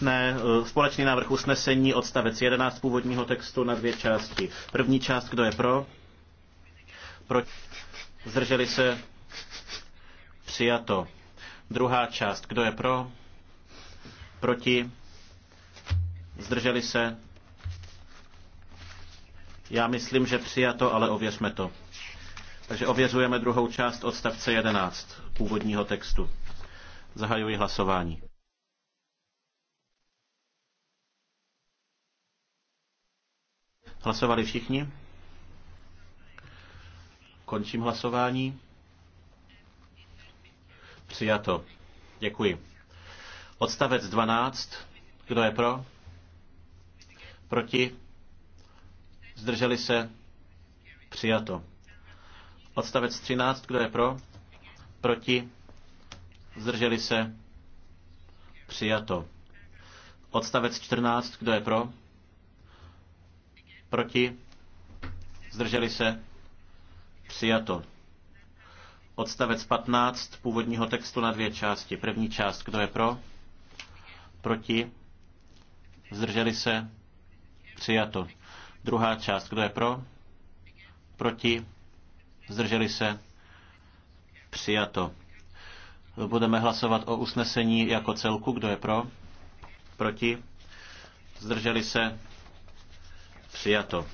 společné, eh, společný návrh usnesení odstavec 11 původního textu na dvě části. První část, kdo je pro? Proč? Zdrželi se? Přijato. Druhá část, kdo je pro? Proti? Zdrželi se? Já myslím, že přijato, ale ověřme to. Takže ověřujeme druhou část odstavce 11 původního textu. Zahajuji hlasování. Hlasovali všichni? Končím hlasování. Přijato. Děkuji. Odstavec 12. Kdo je pro? Proti? Zdrželi se? Přijato. Odstavec 13. Kdo je pro? Proti? Zdrželi se? Přijato. Odstavec 14. Kdo je pro? Proti? Zdrželi se? Přijato. Odstavec 15 původního textu na dvě části. První část, kdo je pro? Proti? Zdrželi se? Přijato. Druhá část, kdo je pro? Proti? Zdrželi se? Přijato. Budeme hlasovat o usnesení jako celku. Kdo je pro? Proti? Zdrželi se? Přijato.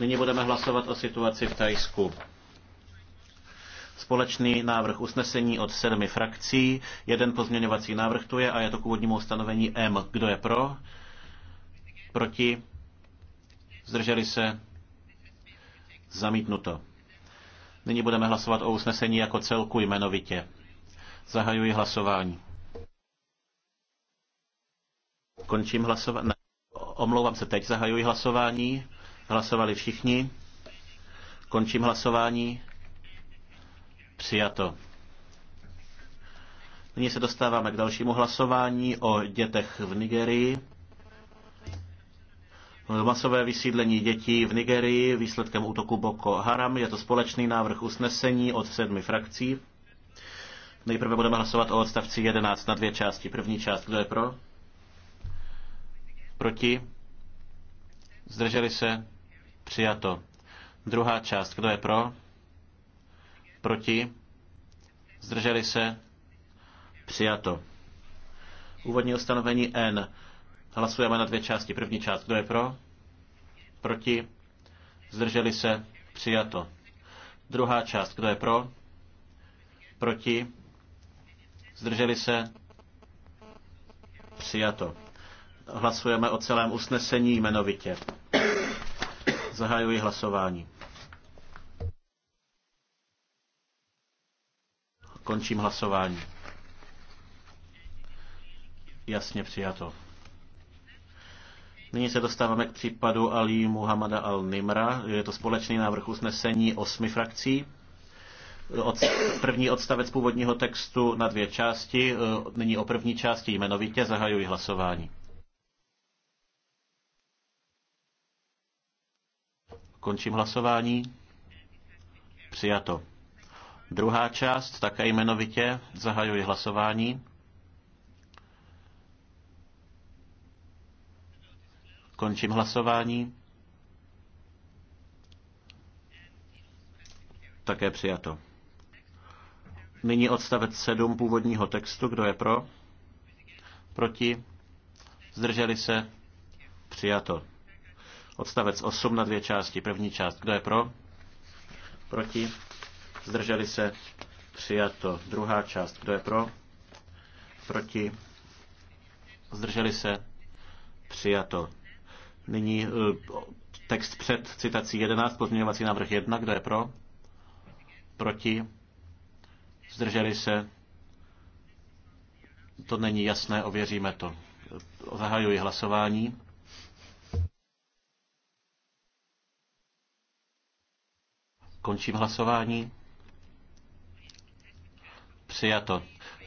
Nyní budeme hlasovat o situaci v Tajsku. Společný návrh usnesení od sedmi frakcí. Jeden pozměňovací návrh tu je a je to k úvodnímu ustanovení M. Kdo je pro? Proti? Zdrželi se? Zamítnuto. Nyní budeme hlasovat o usnesení jako celku jmenovitě. Zahajuji hlasování. Končím hlasování. Omlouvám se, teď zahajuji hlasování. Hlasovali všichni. Končím hlasování. Přijato. Nyní se dostáváme k dalšímu hlasování o dětech v Nigerii. Masové vysídlení dětí v Nigerii výsledkem útoku Boko Haram. Je to společný návrh usnesení od sedmi frakcí. Nejprve budeme hlasovat o odstavci 11 na dvě části. První část, kdo je pro? Proti? Zdrželi se? Přijato. Druhá část. Kdo je pro? Proti? Zdrželi se? Přijato. Úvodní ustanovení N. Hlasujeme na dvě části. První část. Kdo je pro? Proti? Zdrželi se? Přijato. Druhá část. Kdo je pro? Proti? Zdrželi se? Přijato. Hlasujeme o celém usnesení jmenovitě. Zahajuji hlasování. Končím hlasování. Jasně přijato. Nyní se dostáváme k případu Ali Muhammada al-Nimra. Je to společný návrh usnesení osmi frakcí. Od, první odstavec původního textu na dvě části. Nyní o první části jmenovitě zahajuji hlasování. Končím hlasování. Přijato. Druhá část, také jmenovitě, zahajuji hlasování. Končím hlasování. Také přijato. Nyní odstavec 7 původního textu. Kdo je pro? Proti? Zdrželi se? Přijato. Odstavec 8 na dvě části. První část. Kdo je pro? Proti? Zdrželi se? Přijato. Druhá část. Kdo je pro? Proti? Zdrželi se? Přijato. Nyní e, text před citací 11, pozměňovací návrh 1. Kdo je pro? Proti? Zdrželi se? To není jasné, ověříme to. Zahajuji hlasování. Končím hlasování. Přijato.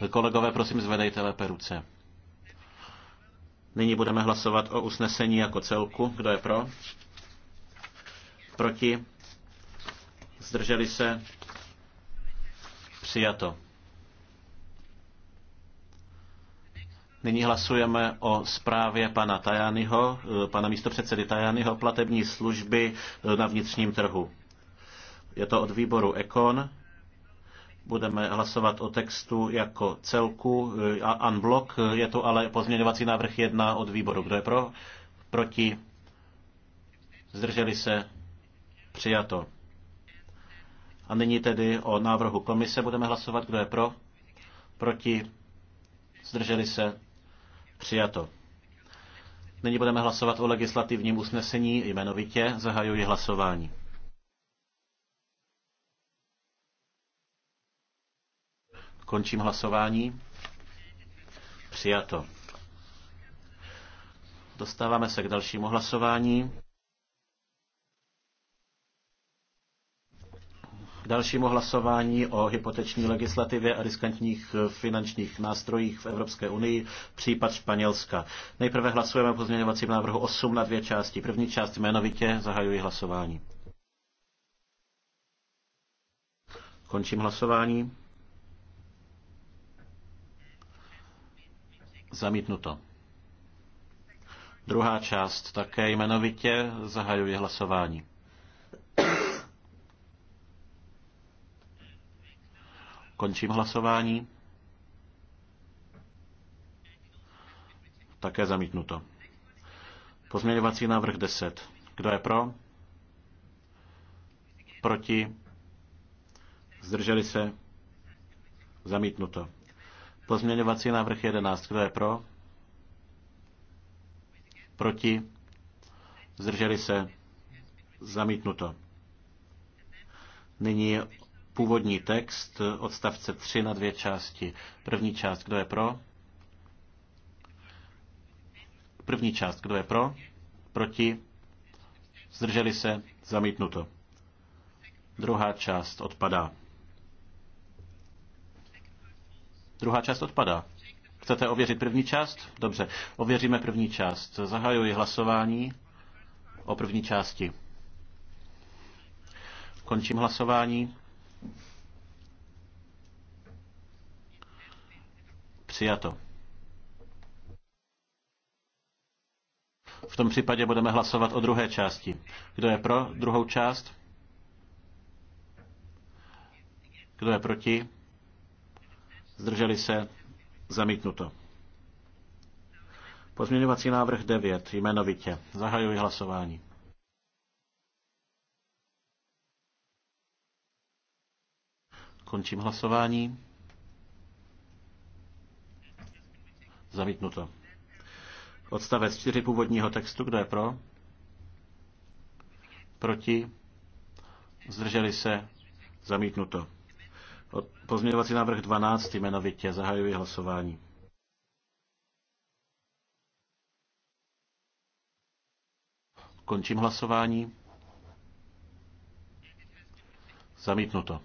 Kolegové, prosím, zvedejte lépe ruce. Nyní budeme hlasovat o usnesení jako celku. Kdo je pro? Proti? Zdrželi se? Přijato. Nyní hlasujeme o zprávě pana Tajányho, eh, pana místopředsedy Tajányho, platební služby eh, na vnitřním trhu. Je to od výboru Ekon. Budeme hlasovat o textu jako celku eh, a unblock. Je to ale pozměňovací návrh jedna od výboru. Kdo je pro? Proti? Zdrželi se? Přijato. A nyní tedy o návrhu komise budeme hlasovat. Kdo je pro? Proti? Zdrželi se? Přijato. Nyní budeme hlasovat o legislativním usnesení jmenovitě. Zahajuji hlasování. Končím hlasování. Přijato. Dostáváme se k dalšímu hlasování. K dalšímu hlasování o hypoteční legislativě a riskantních eh, finančních nástrojích v Evropské unii, případ Španělska. Nejprve hlasujeme o pozměňovacím návrhu 8 na dvě části. První část jmenovitě zahajuji hlasování. Končím hlasování. Zamítnuto. Druhá část také jmenovitě zahajuje hlasování. Končím hlasování. Také zamítnuto. Pozměňovací návrh 10. Kdo je pro? Proti? Zdrželi se? Zamítnuto. Pozměňovací návrh 11. Kdo je pro? Proti? Zdrželi se? Zamítnuto. Nyní původní text odstavce 3 na dvě části. První část, kdo je pro? První část, kdo je pro? Proti? Zdrželi se? Zamítnuto. Druhá část odpadá. Druhá část odpadá. Chcete ověřit první část? Dobře, ověříme první část. Zahajuji hlasování o první části. Končím hlasování. Přijato. V tom případě budeme hlasovat o druhé části. Kdo je pro druhou část? Kdo je proti? zdrželi se, zamítnuto. Pozměňovací návrh 9, jmenovitě. Zahajuji hlasování. Končím hlasování. Zamítnuto. Odstavec 4 původního textu, kdo je pro? Proti? Zdrželi se? Zamítnuto. Pozměňovací návrh 12 jmenovitě. Zahajuji hlasování. Končím hlasování. Zamítnuto.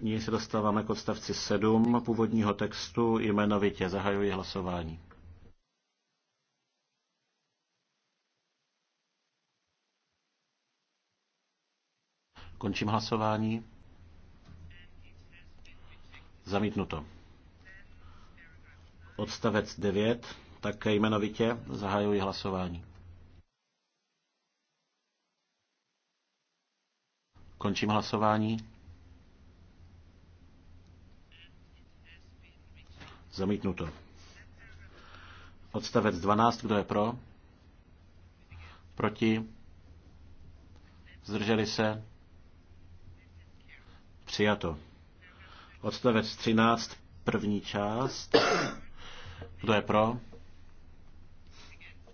Nyní se dostáváme k odstavci 7 původního textu jmenovitě. Zahajuji hlasování. Končím hlasování. Zamítnuto. Odstavec 9, také jmenovitě zahajuji hlasování. Končím hlasování. Zamítnuto. Odstavec 12, kdo je pro? Proti? Zdrželi se? Přijato. Odstavec 13, první část. Kdo je pro?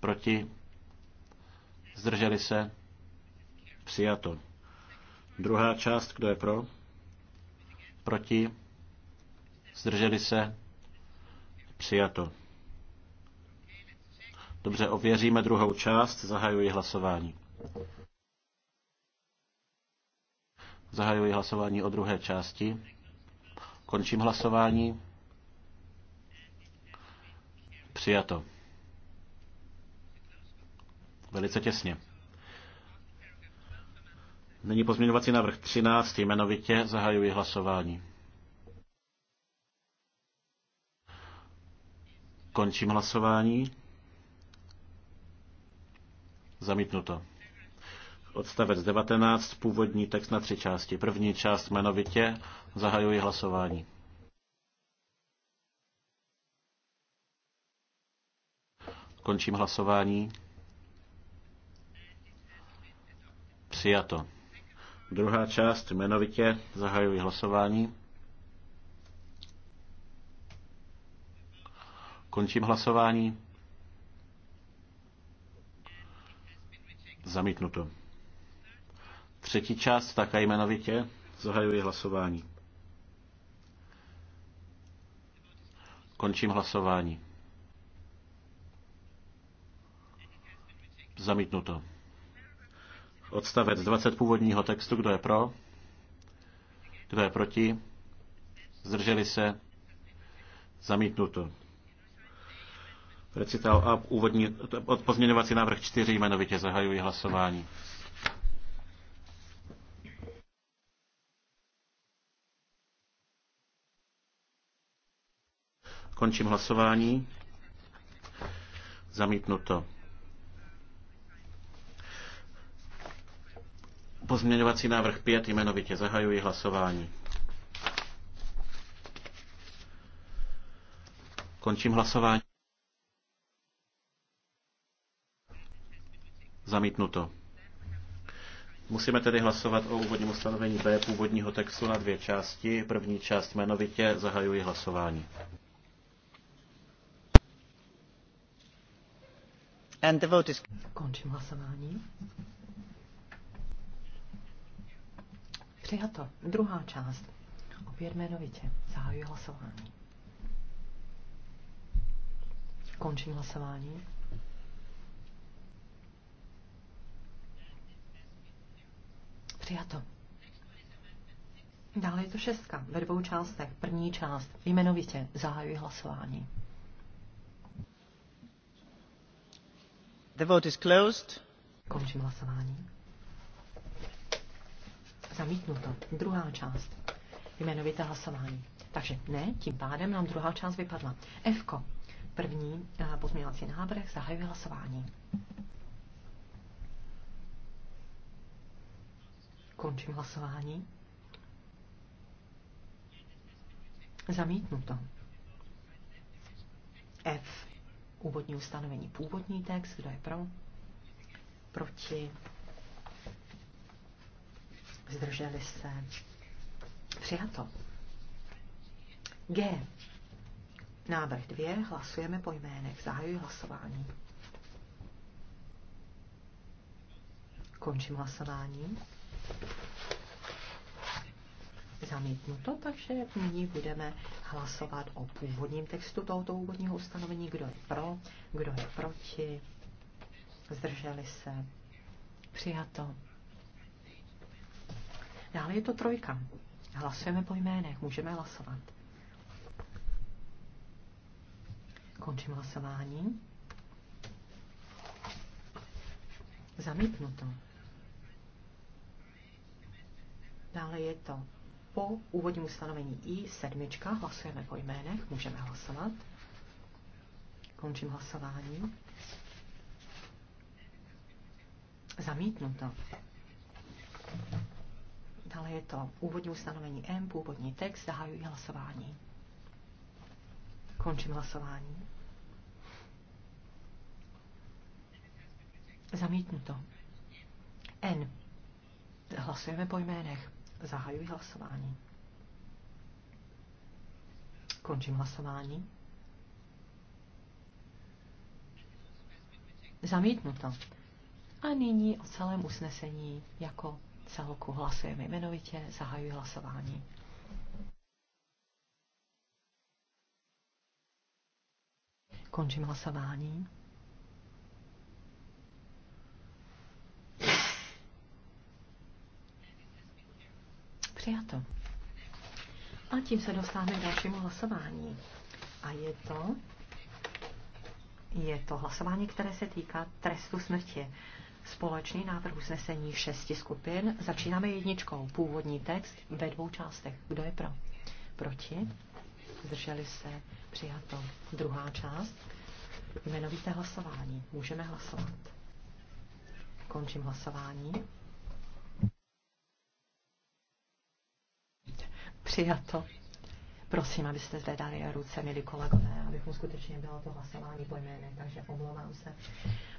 Proti? Zdrželi se? Přijato. Druhá část, kdo je pro? Proti? Zdrželi se? Přijato. Dobře, ověříme druhou část, zahajuji hlasování. Zahajuji hlasování o druhé části. Končím hlasování. Přijato. Velice těsně. Nyní pozměňovací návrh 13, jmenovitě zahajuji hlasování. Končím hlasování. Zamítnuto. Odstavec 19, původní text na tři části. První část jmenovitě, zahajuji hlasování. Končím hlasování. Přijato. Druhá část jmenovitě zahajuji hlasování. Končím hlasování. Zamítnuto. Třetí část, tak a jmenovitě, zahajuji hlasování. Končím hlasování. Zamítnuto. Odstavec 20 původního textu, kdo je pro? Kdo je proti? Zdrželi se? Zamítnuto. Recital a úvodní, pozměňovací návrh 4 jmenovitě zahajuji hlasování. Končím hlasování. Zamítnuto. Pozměňovací návrh 5 jmenovitě zahajuji hlasování. Končím hlasování. Zamítnuto. Musíme tedy hlasovat o úvodním ustanovení B původního textu na dvě části. První část jmenovitě zahajuji hlasování. And the vote is... Končím hlasování. Přijato. Druhá část. Opět jmenovitě. Zahajuji hlasování. Končím hlasování. Přijato. Dále je to šestka ve dvou částech. První část jmenovitě zahajuji hlasování. vote is closed. Končím hlasování. Zamítnuto. Druhá část. Jmenovité hlasování. Takže ne, tím pádem nám druhá část vypadla. Fko. První eh, pozměňovací návrh zahajuje hlasování. Končím hlasování. Zamítnuto. F úvodní ustanovení původní text, kdo je pro, proti, zdrželi se, přijato. G. Návrh dvě. Hlasujeme po jménech. Zahajuji hlasování. Končím hlasování zamítnuto, takže nyní budeme hlasovat o původním textu tohoto úvodního ustanovení, kdo je pro, kdo je proti, zdrželi se, přijato. Dále je to trojka. Hlasujeme po jménech, můžeme hlasovat. Končím hlasování. Zamítnuto. Dále je to po úvodním ustanovení I7 hlasujeme po jménech, můžeme hlasovat. Končím hlasování. Zamítnuto. Dále je to úvodní ustanovení M, původní text, zahajuji hlasování. Končím hlasování. Zamítnuto. N. Hlasujeme po jménech. Zahajuji hlasování. Končím hlasování. Zamítnuto. A nyní o celém usnesení jako celku hlasujeme jmenovitě. Zahajuji hlasování. Končím hlasování. Přijato. A tím se dostáváme k dalšímu hlasování. A je to, je to hlasování, které se týká trestu smrti. Společný návrh usnesení šesti skupin. Začínáme jedničkou. Původní text ve dvou částech. Kdo je pro? Proti? Zdrželi se? Přijato. Druhá část. Jmenovité hlasování. Můžeme hlasovat. Končím hlasování. Přijato. Prosím, abyste zvedali ruce, milí kolegové, abychom skutečně bylo to hlasování po jménech, takže omlouvám se.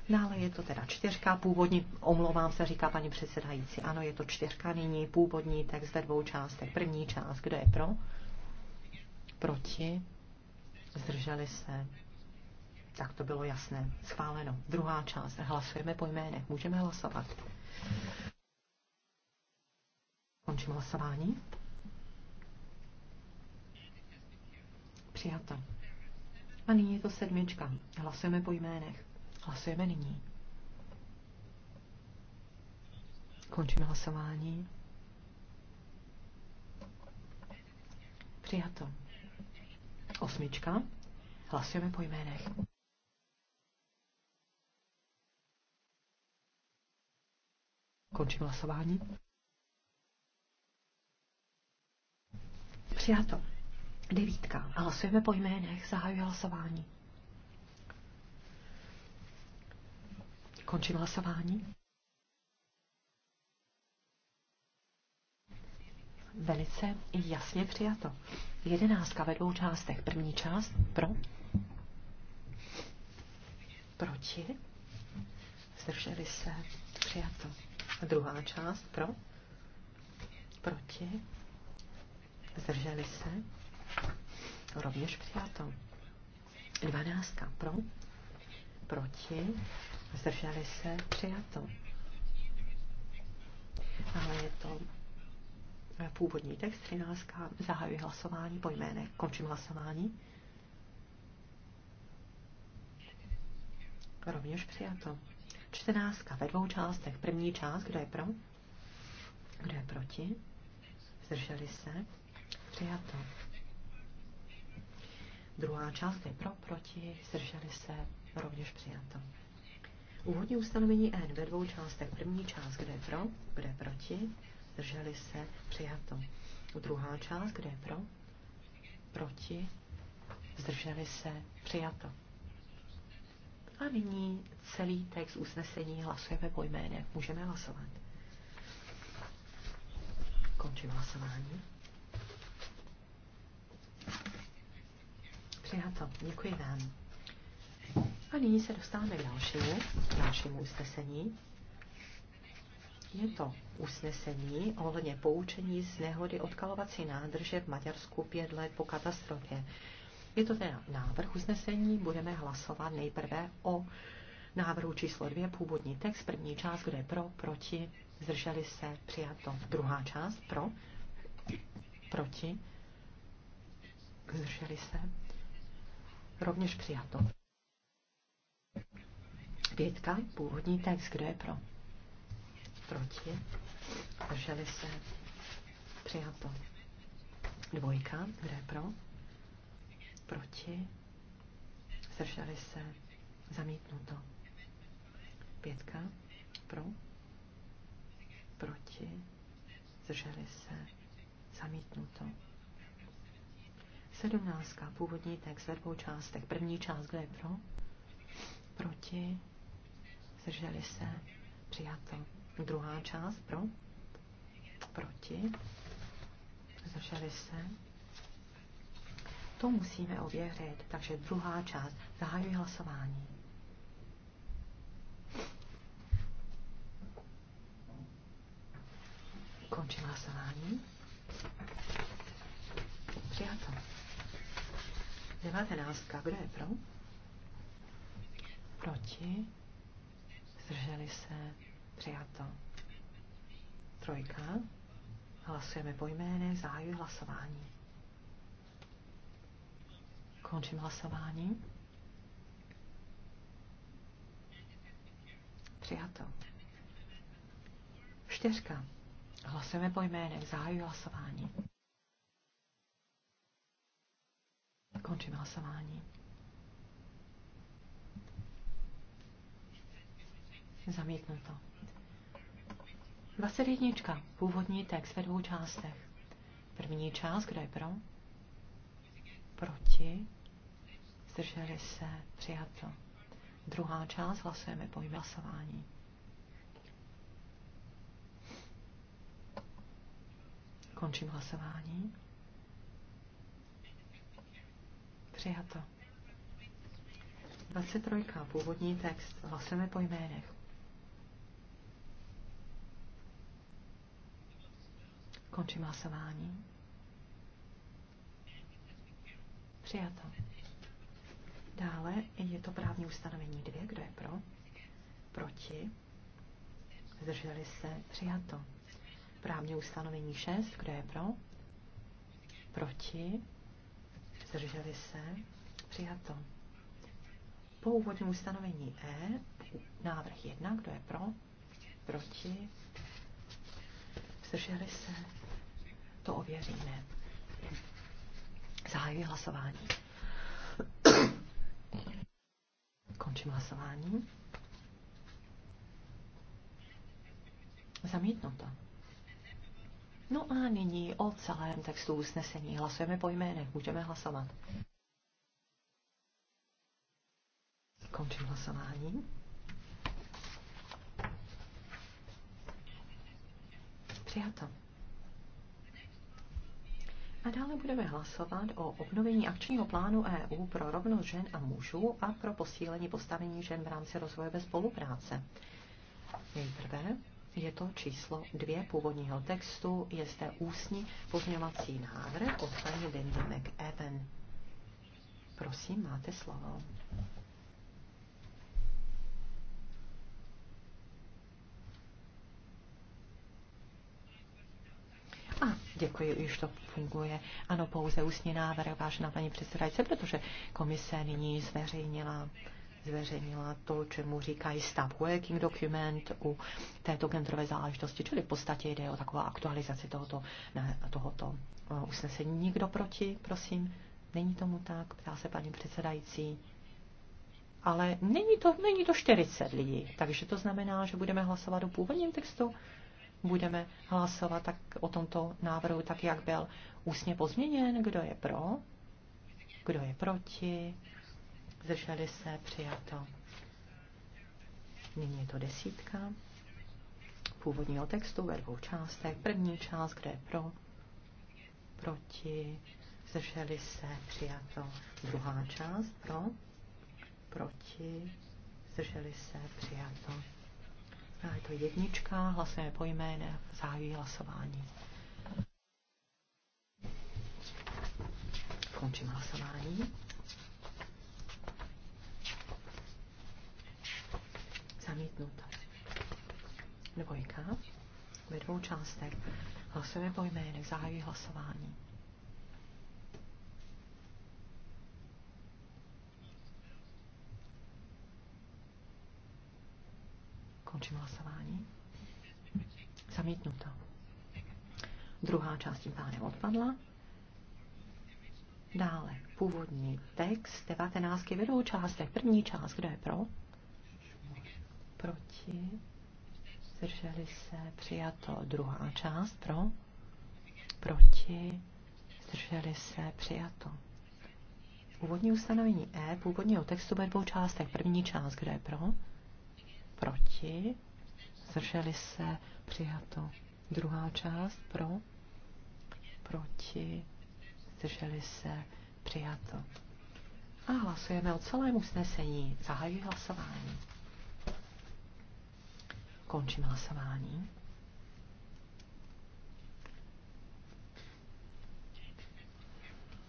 Dále no, je to teda čtyřka, původní, omlouvám se, říká paní předsedající. Ano, je to čtyřka nyní, původní text ve dvou částech. První část, kdo je pro? Proti? Zdrželi se? Tak to bylo jasné. Schváleno. Druhá část. Hlasujeme po jménech. Můžeme hlasovat. Končím hlasování. Přijata. A nyní je to sedmička. Hlasujeme po jménech. Hlasujeme nyní. Končíme hlasování. Přijato. Osmička. Hlasujeme po jménech. Končím hlasování. Přijato. Devítka. Hlasujeme po jménech. Zahajuji hlasování. Končím hlasování. Velice jasně přijato. Jedenáctka ve dvou částech. První část pro. Proti. Zdrželi se. Přijato. A druhá část pro. Proti. Zdrželi se rovněž přijato. Dvanáctka pro, proti, zdrželi se, přijato. Ale je to eh, původní text, Třináctka. Zahajuji hlasování po jménech, končím hlasování. Rovněž přijato. 14. ve dvou částech. První část, kdo je pro? Kdo je proti? Zdrželi se? Přijato. Druhá část je pro, proti, zdrželi se, rovněž přijato. Úvodní ustanovení N e ve dvou částech. První část, kde je pro, kde je proti, zdrželi se, přijato. Druhá část, kde je pro, proti, zdrželi se, přijato. A nyní celý text usnesení hlasujeme po jménech. Můžeme hlasovat. Končím hlasování. Přijato. Děkuji vám. A nyní se dostáváme k dalšímu, k dalšímu usnesení. Je to usnesení ohledně poučení z nehody odkalovací nádrže v Maďarsku pět let po katastrofě. Je to ten návrh usnesení, budeme hlasovat nejprve o návrhu číslo dvě, původní text, první část, kde je pro, proti, zdrželi se, přijato. Druhá část, pro, proti, zdrželi se, rovněž přijato. Pětka, původní text, kdo je pro? Proti. Drželi se. Přijato. Dvojka, kdo je pro? Proti. Zdrželi se. Zamítnuto. Pětka, pro? Proti. Zdrželi se. Zamítnuto. Sedmnáctka, Původní text ve dvou částech. První část, kde je pro? Proti? Zdrželi se? Přijato. Druhá část pro? Proti? Zdrželi se? To musíme ověřit. Takže druhá část. Zahajuji hlasování. Končím hlasování. Přijato. Devatenáctka. Kdo je pro? Proti? Zdrželi se? Přijato. Trojka. Hlasujeme po jméne, Zahajuji hlasování. Končím hlasování. Přijato. Čtyřka. Hlasujeme po jménech. Zahajuji hlasování. Končím hlasování. Zamítnuto. 21. Původní text ve dvou částech. První část, kdo je pro? Proti. Zdrželi se. Přijato. Druhá část hlasujeme po hlasování. Končím hlasování. Přijato. 23. Původní text. Hlasujeme po jménech. Končím hlasování. Přijato. Dále je to právní ustanovení dvě, Kdo je pro? Proti? Zdrželi se? Přijato. Právní ustanovení 6. Kdo je pro? Proti? zdrželi se, přijato. Po úvodním ustanovení E, návrh 1, kdo je pro, proti, zdrželi se, to ověříme. Zahajuji hlasování. Končím hlasování. Zamítnuto. to. No a nyní o celém textu usnesení. Hlasujeme po jménech, můžeme hlasovat. Končím hlasování. Přijato. A dále budeme hlasovat o obnovení akčního plánu EU pro rovnost žen a mužů a pro posílení postavení žen v rámci rozvoje bez spolupráce. Nejprve je to číslo dvě původního textu, je zde ústní pozměňovací návrh od paní Lindy McEwen. Prosím, máte slovo. A děkuji, už to funguje. Ano, pouze ústní návrh, vážená paní předsedající, protože komise nyní zveřejnila uh, zveřejnila to, čemu říkají stav working document u této genderové záležitosti, čili v podstatě jde o takovou aktualizaci tohoto, ne, tohoto eh, usnesení. Nikdo proti, prosím? Není tomu tak, ptá se paní předsedající. Ale není to, není to 40 lidí, takže to znamená, že budeme hlasovat o původním textu, budeme hlasovat tak o tomto návrhu, tak jak byl ústně pozměněn, kdo je pro, kdo je proti, zdrželi se, přijato. Nyní je to desítka původního textu ve dvou částech. První část, kde je pro, proti, zdrželi se, přijato. Druhá část, pro, proti, zdrželi se, přijato. A je to jednička, hlasujeme po jméne, zahájí hlasování. Končím hlasování. Zamítnuto. Dvojka. Ve dvou částech. Hlasujeme po jménech. Zahajuji hlasování. Končím hlasování. Zamítnuto. Druhá část tím pádem odpadla. Dále původní text 19 ve dvou částech. První část, kdo je pro? proti, zdrželi se, přijato druhá část, pro, proti, zdrželi se, přijato. Původní ustanovení E, původního textu ve dvou částech. První část, kde je pro, proti, zdrželi se, přijato. Druhá část, pro, proti, zdrželi se, přijato. A hlasujeme o celém usnesení. Zahajuji hlasování. Končím hlasování.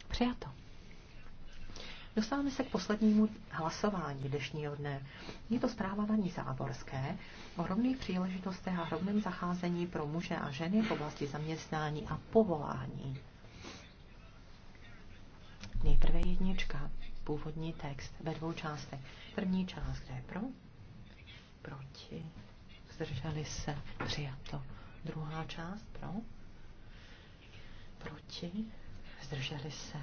Přijato. Dostáváme se k poslednímu hlasování dnešního dne. Je to zpráva Vaní Záborské o rovných příležitostech a rovném zacházení pro muže a ženy v oblasti zaměstnání a povolání. Nejprve jednička, původní text ve dvou částech. První část, kde je pro, proti, zdrželi se, přijato. Druhá část pro, proti, zdrželi se,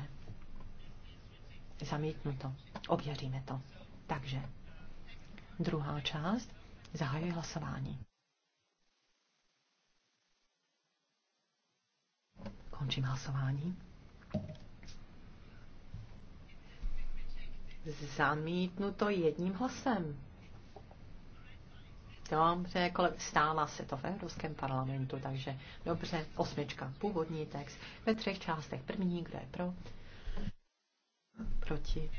zamítnuto. Ověříme to. Takže druhá část, zahajuji hlasování. Končím hlasování. Zamítnuto jedním hlasem. Dobře, kolem stála se to v Evropském parlamentu, takže dobře, osmička, původní text, ve třech částech. První, kdo je pro? Proti.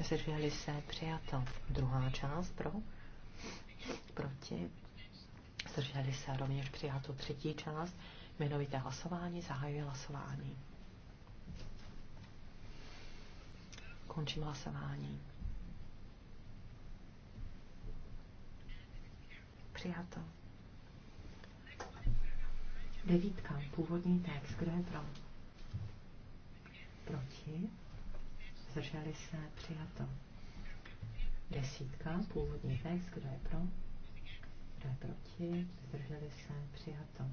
Zdrželi se, přijato. Druhá část, pro? Proti. Zdrželi se, rovněž přijato. Třetí část, jmenovité hlasování, zahajuje hlasování. Končím hlasování. Přijato. Devítka. Původní text. Kdo je pro? Proti. Zdrželi se. Přijato. Desítka. Původní text. Kdo je pro? Kdo je proti? Zdrželi se. Přijato.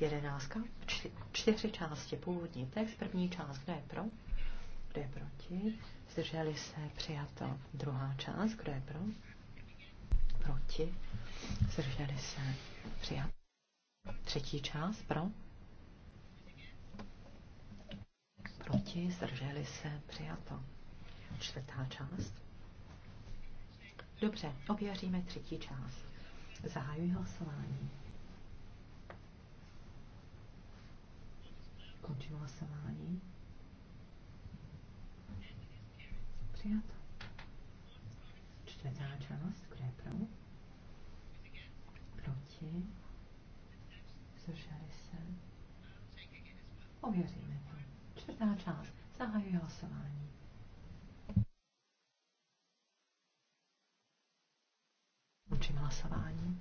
Jedenáctka. Čty, čtyři části. Původní text. První část. Kdo je pro? Kdo je proti? Zdrželi se. Přijato. Druhá část. Kdo je pro? proti, zdrželi se, přijat. Třetí část pro, proti, zdrželi se, přijato. Čtvrtá část. Dobře, ověříme třetí část. Zahajuji hlasování. Končím hlasování. Přijato. Čtvrtá část proti, zdrželi se. Ověříme to. Čtvrtá část. Zahajuji hlasování. Učím hlasování.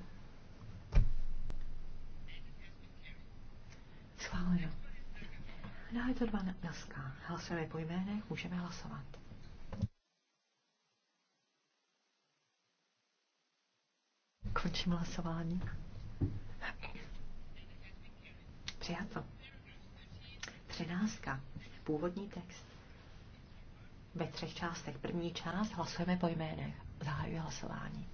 Schváleno. Dále to dva naská. Hlasujeme po jménech, můžeme hlasovat. Končím hlasování. Přijato. Třináctka. Původní text. Ve třech částech. První část hlasujeme po jménech. Zahajuji hlasování.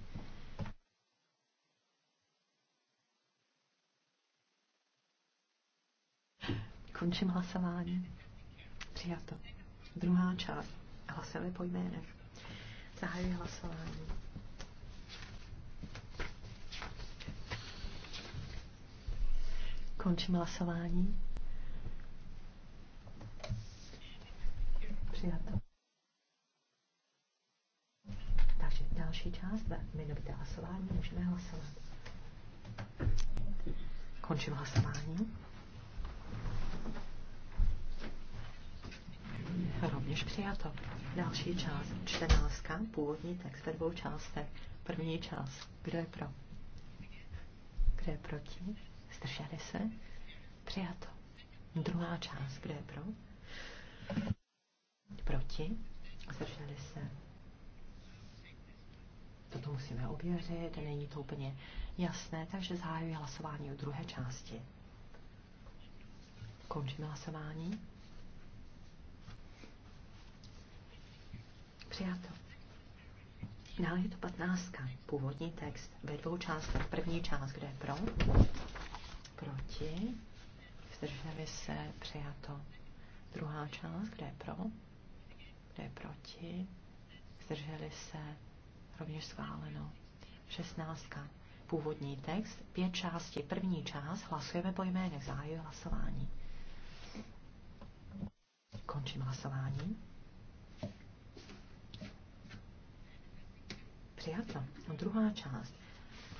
Končím hlasování. Přijato. Druhá část. Hlasujeme po jménech. Zahajuji hlasování. Končím hlasování. Přijato. Takže další část, jmenovité hlasování, můžeme hlasovat. Končím hlasování. Rovněž přijato. Další část, čtenářská, původní text ve dvou částech. První část, kdo je pro? Kdo je proti? Zdrželi se? Přijato. Druhá část, kde je pro? Proti? Zdrželi se? Toto musíme ověřit, není to úplně jasné, takže zahajuji hlasování o druhé části. Končíme hlasování. Přijato. Dále je to patnáctka, původní text ve dvou částech. První část, kde je pro, proti, zdrželi se, přijato. Druhá část, kde je pro, kde je proti, zdrželi se, rovněž schváleno. šestnáctka Původní text, pět části, první část, hlasujeme po jménech, zahajuji hlasování. Končím hlasování. Přijato. No, druhá část.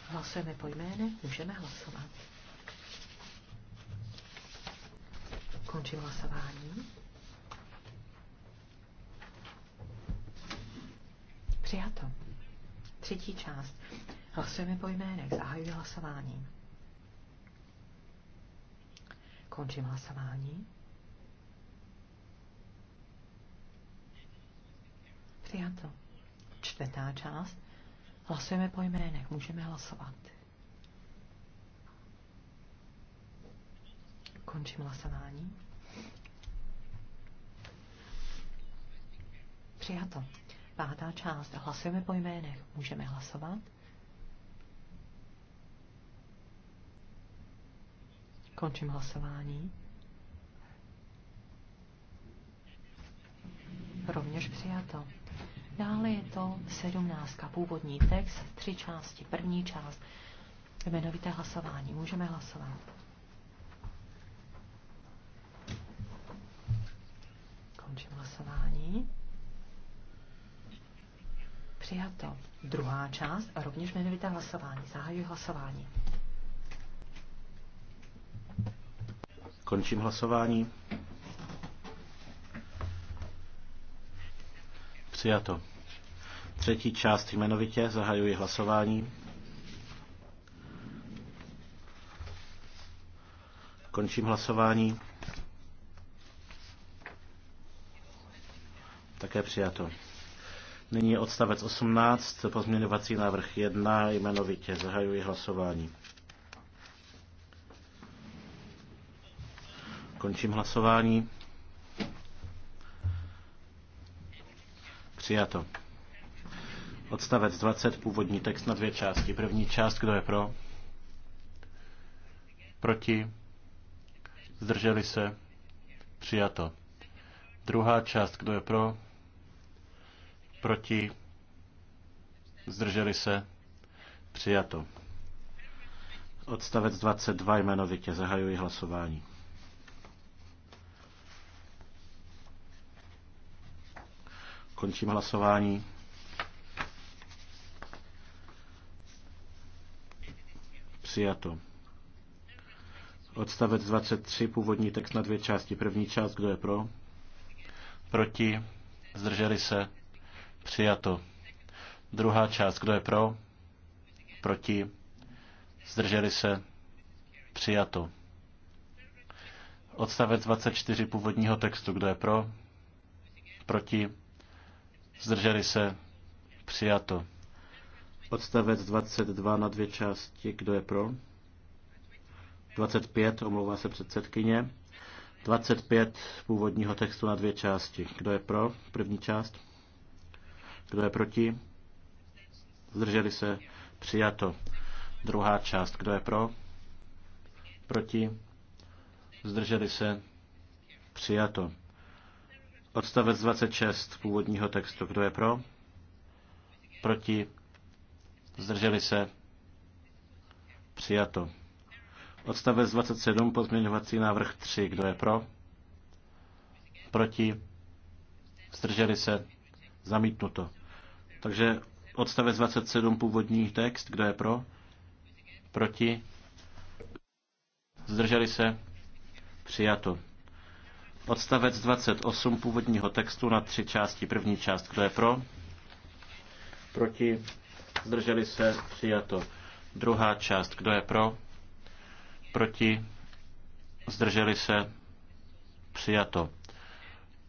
Hlasujeme po jménech, můžeme hlasovat. Končím hlasování. Přijato. Třetí část. Hlasujeme po jménech. Zahajuji hlasování. Končím hlasování. Přijato. Čtvrtá část. Hlasujeme po jménech. Můžeme hlasovat. Končím hlasování. Přijato. Pátá část. Hlasujeme po jménech. Můžeme hlasovat. Končím hlasování. Rovněž přijato. Dále je to sedmnáctka, původní text, tři části. První část, jmenovité hlasování. Můžeme hlasovat. Končím hlasování. Přijato. Druhá část a rovněž jmenovité hlasování. Zahajuji hlasování. Končím hlasování. Přijato. Třetí část jmenovitě zahajuji hlasování. Končím hlasování. také přijato. Nyní odstavec 18, pozměňovací návrh 1, jmenovitě zahajuji hlasování. Končím hlasování. Přijato. Odstavec 20, původní text na dvě části. První část, kdo je pro? Proti? Zdrželi se? Přijato. Druhá část, kdo je pro? Proti? Zdrželi se? Přijato. Odstavec 22 jmenovitě. Zahajuji hlasování. Končím hlasování. Přijato. Odstavec 23, původní text na dvě části. První část, kdo je pro? Proti? Zdrželi se? Přijato. Druhá část. Kdo je pro? Proti? Zdrželi se? Přijato. Odstavec 24 původního textu. Kdo je pro? Proti? Zdrželi se? Přijato. Odstavec 22 na dvě části. Kdo je pro? 25, omlouvá se předsedkyně. 25 původního textu na dvě části. Kdo je pro? První část. Kdo je proti? Zdrželi se? Přijato. Druhá část. Kdo je pro? Proti? Zdrželi se? Přijato. Odstavec 26 původního textu. Kdo je pro? Proti? Zdrželi se? Přijato. Odstavec 27 pozměňovací návrh 3. Kdo je pro? Proti? Zdrželi se? Zamítnuto. Takže odstavec 27 původní text, kdo je pro? Proti? Zdrželi se? Přijato. Odstavec 28 původního textu na tři části. První část, kdo je pro? Proti? Zdrželi se? Přijato. Druhá část, kdo je pro? Proti? Zdrželi se? Přijato.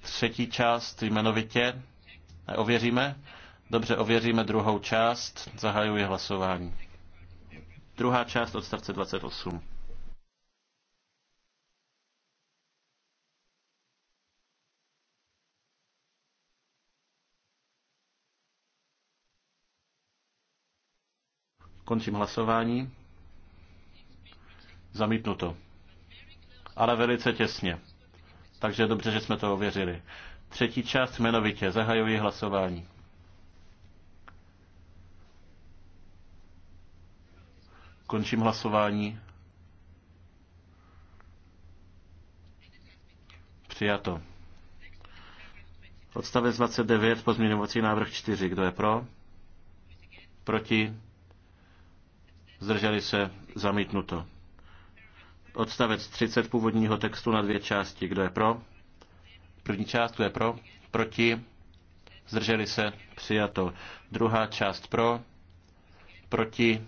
Třetí část jmenovitě. Ověříme. Dobře, ověříme druhou část. Zahajuji hlasování. Druhá část odstavce 28. Končím hlasování. Zamítnuto. Ale velice těsně. Takže dobře, že jsme to ověřili. Třetí část jmenovitě. Zahajuji hlasování. Končím hlasování. Přijato. Odstavec 29, pozměňovací návrh 4. Kdo je pro? Proti? Zdrželi se? Zamítnuto. Odstavec 30 původního textu na dvě části. Kdo je pro? První část, kdo je pro? Proti? Zdrželi se? Přijato. Druhá část pro? Proti?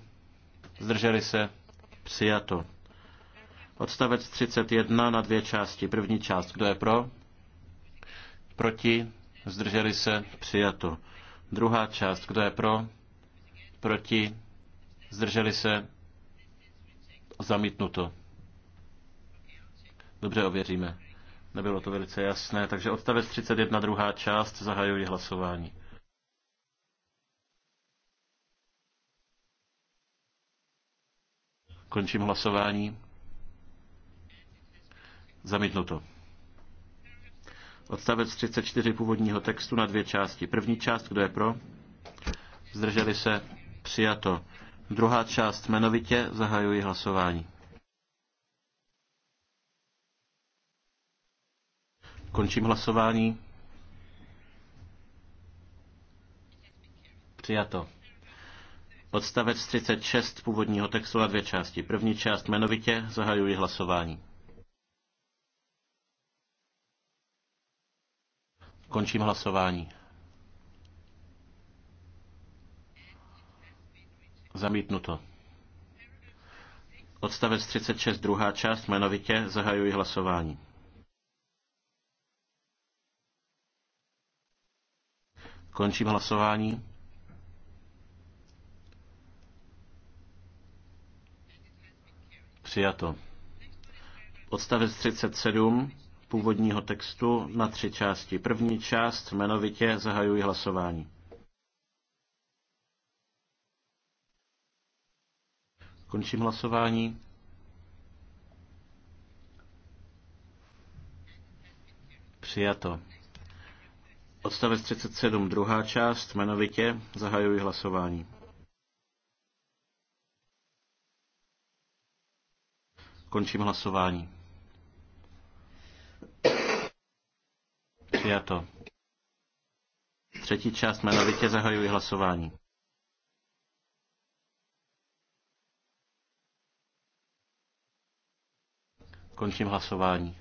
zdrželi se, přijato. Odstavec 31 na dvě části. První část, kdo je pro? Proti, zdrželi se, přijato. Druhá část, kdo je pro? Proti, zdrželi se, zamítnuto. Dobře, ověříme. Nebylo to velice jasné, takže odstavec 31, druhá část, zahajuji hlasování. Končím hlasování. Zamítnuto. Odstavec 34 původního textu na dvě části. První část, kdo je pro? Zdrželi se? Přijato. Druhá část jmenovitě zahajuji hlasování. Končím hlasování. Přijato. Odstavec 36 původního textu na dvě části. První část jmenovitě zahajuji hlasování. Končím hlasování. Zamítnuto. Odstavec 36, druhá část, jmenovitě zahajuji hlasování. Končím hlasování. Přijato. Odstavec 37 původního textu na tři části. První část jmenovitě zahajují hlasování. Končím hlasování. Přijato. Odstavec 37, druhá část, jmenovitě zahajuji hlasování. Končím hlasování. Přijato. Třetí část jmenovitě zahajuji hlasování. Končím hlasování.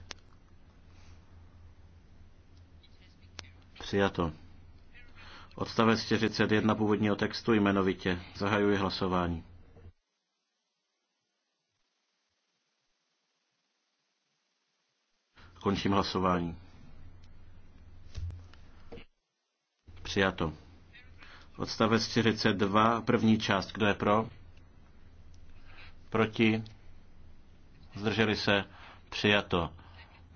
Přijato. Odstavec 41 původního textu jmenovitě. Zahajuji hlasování. Končím hlasování. Přijato. Odstavec 42, první část. Kdo je pro? Proti? Zdrželi se? Přijato.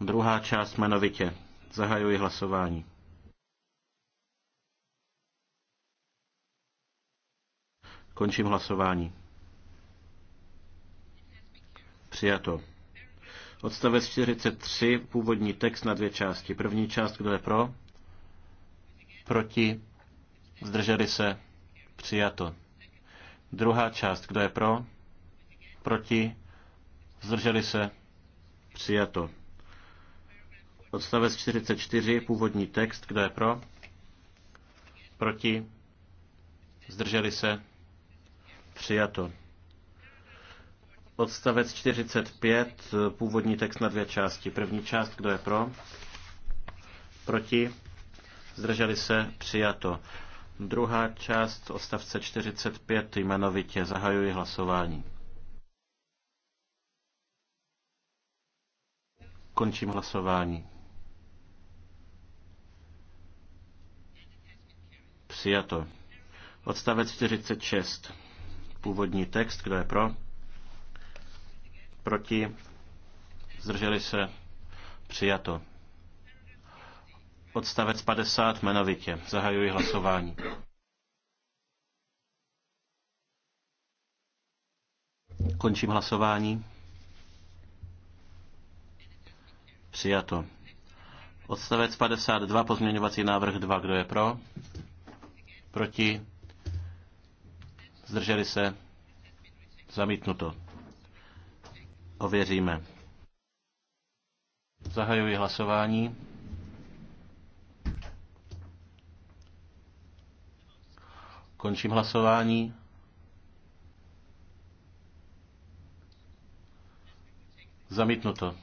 Druhá část jmenovitě. Zahajuji hlasování. Končím hlasování. Přijato. Odstavec 43, původní text na dvě části. První část, kdo je pro? Proti? Zdrželi se? Přijato. Druhá část, kdo je pro? Proti? Zdrželi se? Přijato. Odstavec 44, původní text, kdo je pro? Proti? Zdrželi se? Přijato. Odstavec 45, původní text na dvě části. První část, kdo je pro? Proti? Zdrželi se? Přijato. Druhá část odstavce 45 jmenovitě zahajuji hlasování. Končím hlasování. Přijato. Odstavec 46. Původní text, kdo je pro? proti, zdrželi se, přijato. Odstavec 50 jmenovitě. Zahajuji hlasování. Končím hlasování. Přijato. Odstavec 52, pozměňovací návrh 2. Kdo je pro? Proti? Zdrželi se? Zamítnuto. Ověříme. Zahajuji hlasování. Končím hlasování. Zamítnuto.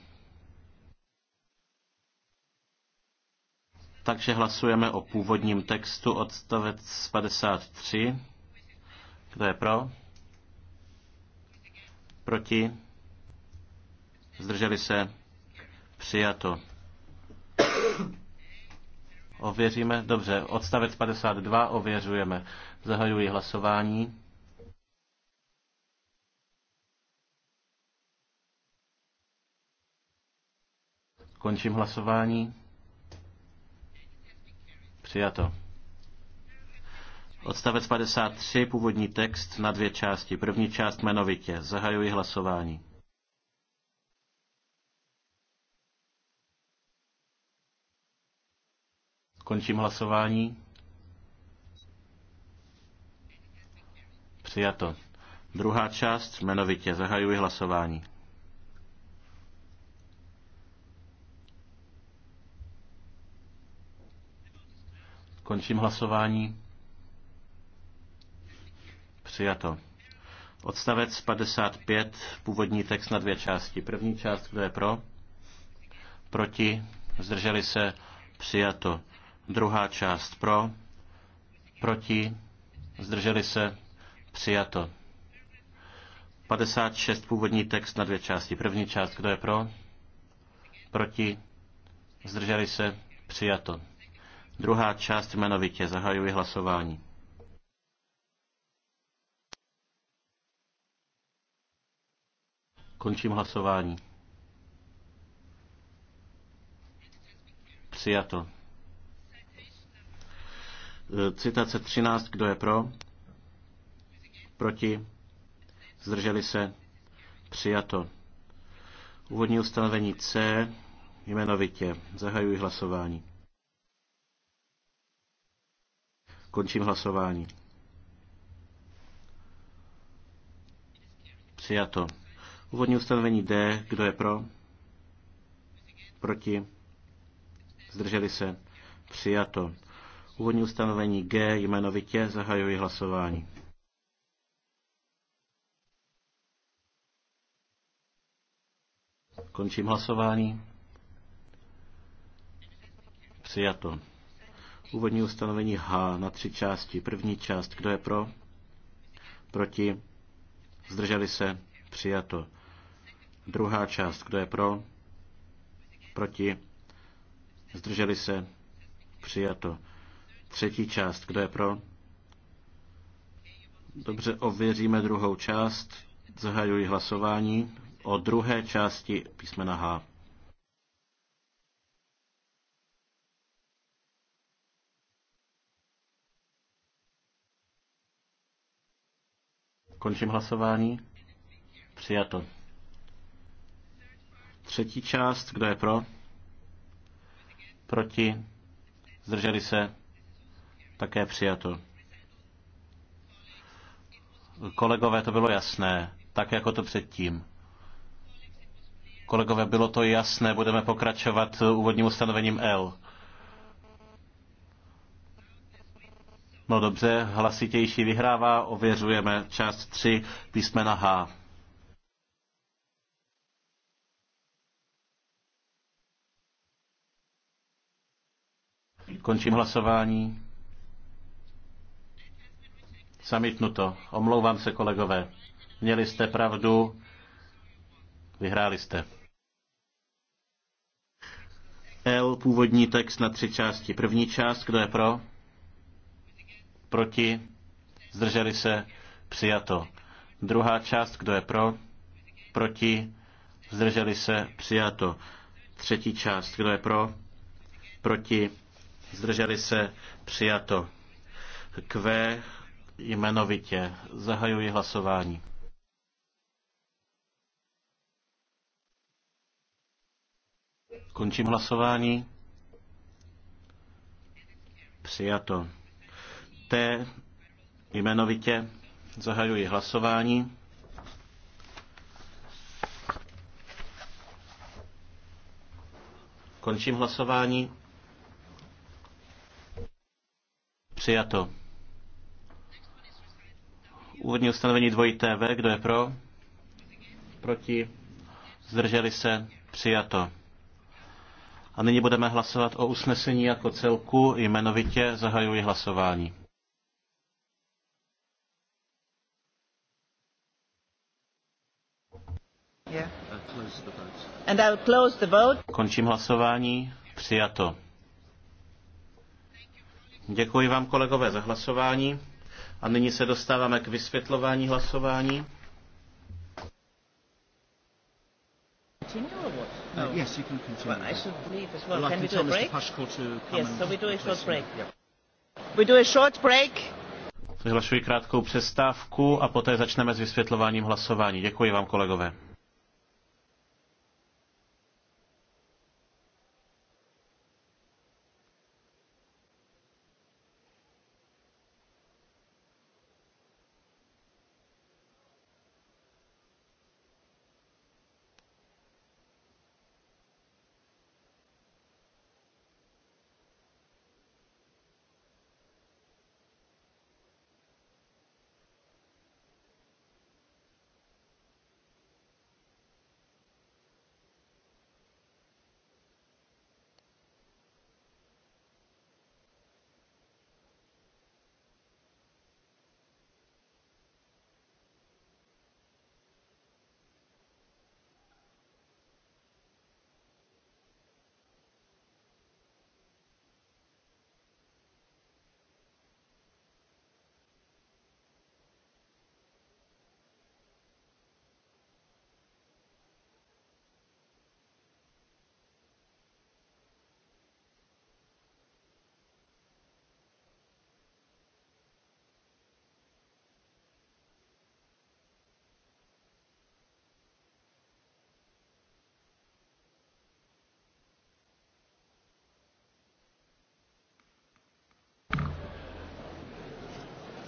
Takže hlasujeme o původním textu odstavec 53. Kdo je pro? Proti? Zdrželi se? Přijato. Ověříme? Dobře. Odstavec 52 ověřujeme. Zahajuji hlasování. Končím hlasování. Přijato. Odstavec 53, původní text na dvě části. První část jmenovitě. Zahajuji hlasování. Končím hlasování. Přijato. Druhá část jmenovitě. Zahajuji hlasování. Končím hlasování. Přijato. Odstavec 55, původní text na dvě části. První část, kdo je pro? Proti? Zdrželi se? Přijato. Druhá část pro, proti, zdrželi se, přijato. 56 původní text na dvě části. První část, kdo je pro, proti, zdrželi se, přijato. Druhá část jmenovitě, zahajuji hlasování. Končím hlasování. Přijato. Citace 13, kdo je pro? Proti? Zdrželi se? Přijato. Úvodní ustanovení C, jmenovitě. Zahajuji hlasování. Končím hlasování. Přijato. Úvodní ustanovení D, kdo je pro? Proti? Zdrželi se? Přijato. Úvodní ustanovení G jmenovitě zahajuji hlasování. Končím hlasování. Přijato. Úvodní ustanovení H na tři části. První část, kdo je pro? Proti? Zdrželi se? Přijato. Druhá část, kdo je pro? Proti? Zdrželi se? Přijato. Třetí část, kdo je pro? Dobře, ověříme druhou část. Zahajuji hlasování o druhé části písmena H. Končím hlasování. Přijato. Třetí část, kdo je pro? Proti? Zdrželi se? Také přijato. Kolegové, to bylo jasné, tak jako to předtím. Kolegové, bylo to jasné, budeme pokračovat úvodním ustanovením L. No dobře, hlasitější vyhrává, ověřujeme část 3 písmena H. Končím hlasování. Zamítnuto. Omlouvám se, kolegové. Měli jste pravdu. Vyhráli jste. L, původní text na tři části. První část, kdo je pro? Proti? Zdrželi se? Přijato. Druhá část, kdo je pro? Proti? Zdrželi se? Přijato. Třetí část, kdo je pro? Proti? Zdrželi se? Přijato. Q, jmenovitě. Zahajuji hlasování. Končím hlasování. Přijato. T jmenovitě zahajuji hlasování. Končím hlasování. Přijato. Úvodní ustanovení dvojité V, kdo je pro? Proti? Zdrželi se? Přijato. A nyní budeme hlasovat o usnesení jako celku, jmenovitě zahajuji hlasování. And I'll close the vote. Končím hlasování. Přijato. Děkuji vám, kolegové, za hlasování. A nyní se dostáváme k vysvětlování hlasování. Vyhlašuji krátkou přestávku a poté začneme s vysvětlováním hlasování. Děkuji vám, kolegové.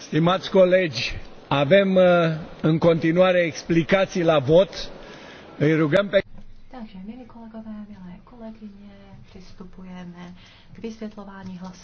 Stimați colegi, avem uh, în continuare explicații la vot. Îi rugăm pe... Takže, milí kolegové, milé kolegyně, přistupujeme k vysvětlování hlasování.